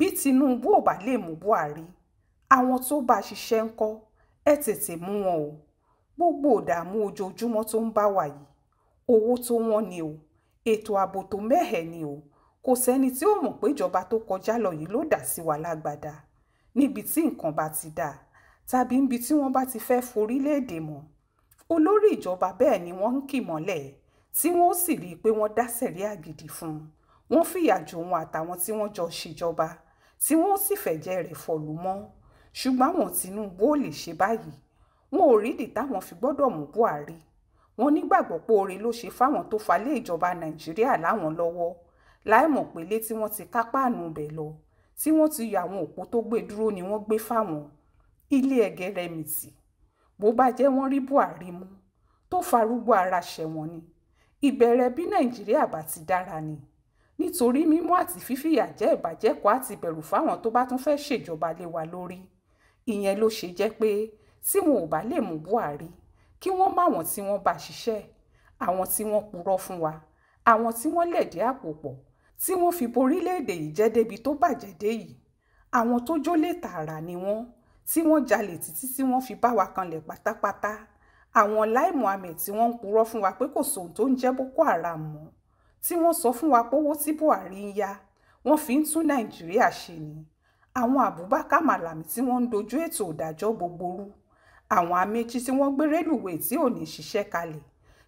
bí Tinubu ò bá lè mú Buhari àwọn tó bá ṣiṣẹ́ ń kọ́ ẹ tètè mú wọn o gbogbo ìdààmú ojoojúmọ́ tó ń bá wà yìí owó tó wọ́n ni o ètò ààbò tó mẹ́hẹ̀ ni o kò sẹ́ni tí ó mọ̀ pé ìjọba tó kọjá lọ yìí ló dà sí wa lágbádá níbi tí nǹkan bá ti dáa tàbí níbi tí wọ́n bá ti fẹ́ forílẹ̀-èdè mọ́ olórí ìjọba bẹ́ẹ̀ ni wọ́n ń kì mọ́lẹ̀ tí wọ́n sì rí i pé wọ́n dá sẹ̀ríà gidi fún un wọ́n fìyà jòun àtàwọn tí wọ́n jọ ṣèjọba tí wọ́n sì fẹ̀jẹ̀ rẹ̀ fọ̀lú mọ́ ṣùgbọ́n àwọn Tinubu ò lè ṣe báyìí wọn ò rídìí táwọn fi gbọ́dọ̀ mú Buhari wọn nígbàgbọ́ pé oore ló ṣe fáwọn tó falé ìjọba Nàìjíríà láwọn lọ́wọ́ láì mọ̀ pé ilé tí wọ́n ti kápá àánú bẹ̀ lọ tí wọ́n ti yọ àwọn òpó tó gbé dúró ni wọ́n gbé fáwọn ilé ẹ̀gẹ́ rẹmìtì bó bá jẹ́ wọ́n rí Buhari mú tó farúgbó ara ṣẹ̀wọ̀n ni ìbẹ̀rẹ̀ bí Nàìjíríà bá ti dára ni nítorí mímú àti fífìyà jẹ ìbàjẹ́ kọ́ àti bẹ̀rù fáwọn tó bá tún fẹ́ ṣèjọba lé wa lórí ìyẹn ló ṣe jẹ́ pé tí wọn ò bá lè mú Buhari kí wọ́n má wọn tí wọ́n bá ṣiṣẹ́ àwọn tí wọ́n purọ́ fún wa àwọn tí wọ́n lẹ̀dí àpò pọ̀ tí wọ́n fi borílẹ̀-èdè yìí jẹ́ débi tó bàjẹ́ dé yìí àwọn tó jólè tààrà ni wọ́n tí wọ́n jalè títí tí wọ́n fi bá wa kanlẹ̀ pátápátá àwọn Lai Muhammed tí wọ́n ń purọ́ fún wa pé kò sóhun tó ń jẹ́ Boko Haram mọ́ tí wọ́n sọ fún wa pówó tí Buhari ń yá wọ́n fi ń tún Nàìjíríà ṣe ni àwọn Abubakar Malami tí wọ́n ń dojú ètò ìdájọ́ gbogbo rú àwọn amẹ́jì tí wọ́n gbé rélùwé tí ò ní ṣiṣẹ́ kalẹ̀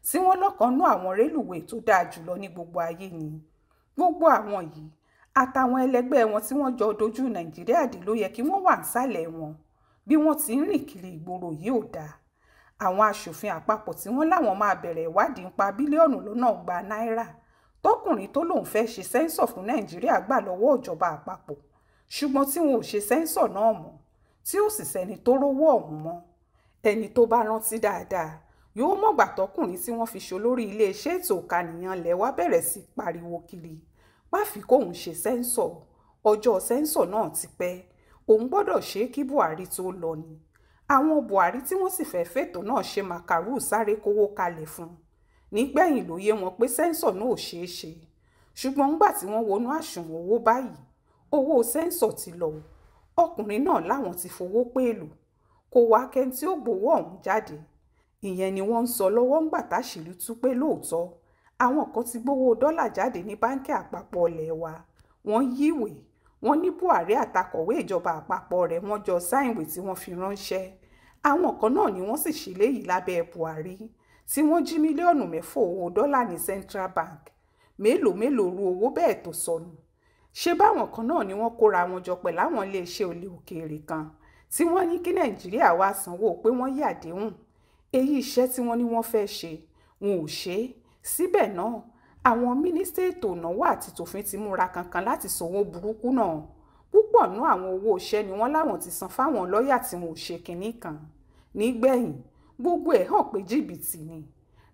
tí wọ́n lọ́kànnú àwọn rélùwé tó dáa jùlọ ní gbogbo ayé ni gbogbo àwọn yìí àtàwọn ẹlẹgbẹ́ wọn tí wọ́n jọ dojú Nàìjíríà dé ló yẹ kí wọ́n wà nísàlẹ̀ wọn bí wọ́n ti ń rìn kiri ìgboro yìí ò dáa àwọn aṣòfin àpapọ̀ tí wọ́n láwọn máa bẹ̀rẹ̀ ìwádìí nípa bílíọ̀nù lọ́nà ọgbà náírà tọkùnrin tó lóun fẹ́ ṣe sẹ́ńsọ̀ fún nàìjíríà gbà lọ́wọ́ ìjọba àpapọ̀ ṣùgbọ́n tí wọn ò ṣe sẹ́ńsọ̀ náà mọ́ tí ó sì sẹ́ni tó rówó ọ̀hún mọ́ ẹni tó bá rántí dáadáa yóò mọ̀gbà tọkùnrin tí wọ́n fi ṣolórí iléeṣẹ́ ètò ìkànìyàn lẹ́wà bẹ̀rẹ̀ sí pariwo kiri páfi kóun ṣe sẹ́ńsọ̀ ọjọ́ sẹ́ńsọ̀ náà ti pẹ́ òun gbọ́dọ̀ ṣe é kí buhari tó lọ ni àwọn buhari tí wọ́n sì fẹ́ fètò náà ṣe màkàrú sáré kówó kalẹ̀ fún un nígbẹ̀yìn ló yé wọn pé sẹ́ńsọ̀ náà ò ṣeé ṣe ṣùgbọ́n ńgbà tí wọ́n wọnú àsùnwọ̀n owó báyìí owó sẹ́ńsọ̀ ti lọ ọkùnrin náà láwọn ti fowó péèlò kò wá kẹ́ntì ó gbowó ọ̀hún jáde ìyẹn ni wọ́n ń sọ lọ́wọ́ ńgbà táṣìírí tú pé lóòótọ́ àwọn kan ti gbowó dọ́là jáde ní báńkì àpapọ̀ ilé wa wọ́n yíwè wọ́n ní buhari àtàkọ̀wé ìjọba àpapọ̀ rẹ̀ wọ́n jọ sáìwé tí wọ́n fi ránṣẹ́ àwọn kan náà ni wọ́n sì ṣèléyìí lábẹ́ buhari tí wọ́n jí mílíọ̀nù mẹ́fà owó dọ́là ní Central Bank mélòó mélòó ru owó bẹ́ẹ̀ tó sọnù ṣé báwọn kan náà ni wọ́n kóra wọn jọ pẹ̀ láwọn iléeṣẹ́ olè òkèèrè kan tí wọ́n ní kí Nàìjíríà wá sanwó pé wọ́n yí àdéhùn èyí iṣẹ́ tí wọ́n ní wọ́n fẹ́ ṣe wọn ò ṣe é síbẹ̀ náà àwọn mínísítà ètò ìnáwó àti tòfin ti múra kankan láti sanwó burúkú náà púpọ̀ nú àwọn owó iṣẹ́ ni wọ́n láwọn ti san fáwọn lọ́ọ̀yà tí wọn ò ṣe kinní kan nígbẹ̀yìn gbogbo ẹ̀ hàn pé jìbìtì ni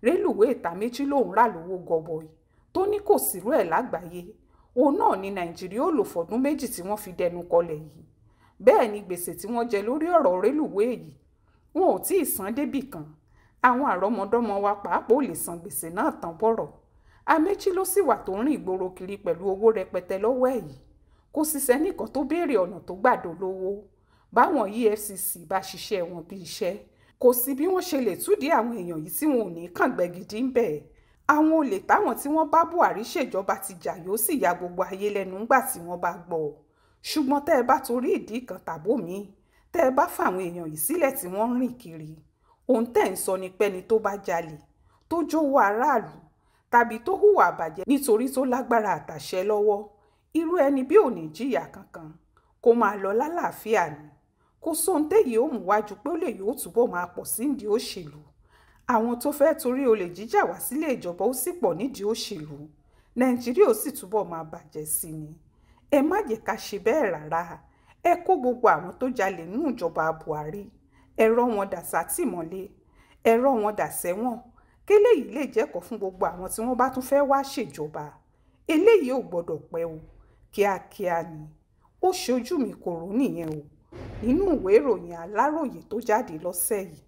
rélùwé ìta méjì lòún rà lówó gọbọi tó ní kò sírú ẹ̀ lágbàáyé òun náà ni nàìjíríà lò fọdún méjì tí wọ́n fi dẹnu kọlẹ̀ yìí bẹ́ẹ̀ ni gbèsè tí wọ́n jẹ lórí ọ̀rọ̀ rélùwé yìí wọn ò tí ì san débì kan àwọn àrọ́mọdọ́mọ wa pàápàá ò lè san gbèsè náà tán bọ̀rọ̀ Améjì ló sì wà tó ń rìn ìgboro kiri pẹ̀lú owó rẹpẹtẹ lọ́wọ́ ẹ̀ yìí kò sì sẹ́nìkan tó béèrè ọ̀nà tó gbàdó lówó báwọn EFCC bá ṣiṣẹ́ wọn bí iṣẹ́ kò sí bí wọ́n ṣe lè túdí àwọn èèyàn yìí tí wọn ò ní kàngbẹ́ gidi ń bẹ̀. àwọn olè táwọn tí wọ́n bá Buhari ṣèjọba ti jà yóò sì ya gbogbo ayé lẹ́nu ńgbà tí wọ́n bá gbọ́ ọ ṣùgbọ́n tẹ́ ẹ bá torí ìdí kan tàbó mi tẹ́ ẹ bá fàwọn èèyàn yìí sílẹ̀ tí wọ́n ń rìn kiri ohun tẹ́ ń sọ ni pẹ́ni tó bá jalè tó jówó aráàlú tàbí tó hùwà àbàjẹ́ nítorí tó lágbára àtàṣẹ kò sóhun téyìí ó mú wájú pé ó lè yóò túbọ̀ máa pọ̀ sí ìdí òṣèlú àwọn tó fẹ́ torí olè jíjà wá sílé ìjọba ó sì pọ̀ nídìí òṣèlú nàìjíríà ó sì túbọ̀ máa bàjẹ́ sí ni ẹ má jẹ́ ká ṣe bẹ́ẹ̀ rárá ẹ kó gbogbo àwọn tó jalè nínú ìjọba buhari ẹ wọn dà sátìmọ́lé ẹ wọn dà sẹ́wọ̀n kéléyìí lè jẹ́kọ̀ọ́ fún gbogbo àwọn tí wọ́n bá tún fẹ́ wá ṣèjọba eléyìí ò gbọ́dọ̀ pẹ́ o kíákíá ni ó ṣojú mi kò rò o nínú ìwé ìròyìn aláròye tó jáde lọ́sẹ̀ yìí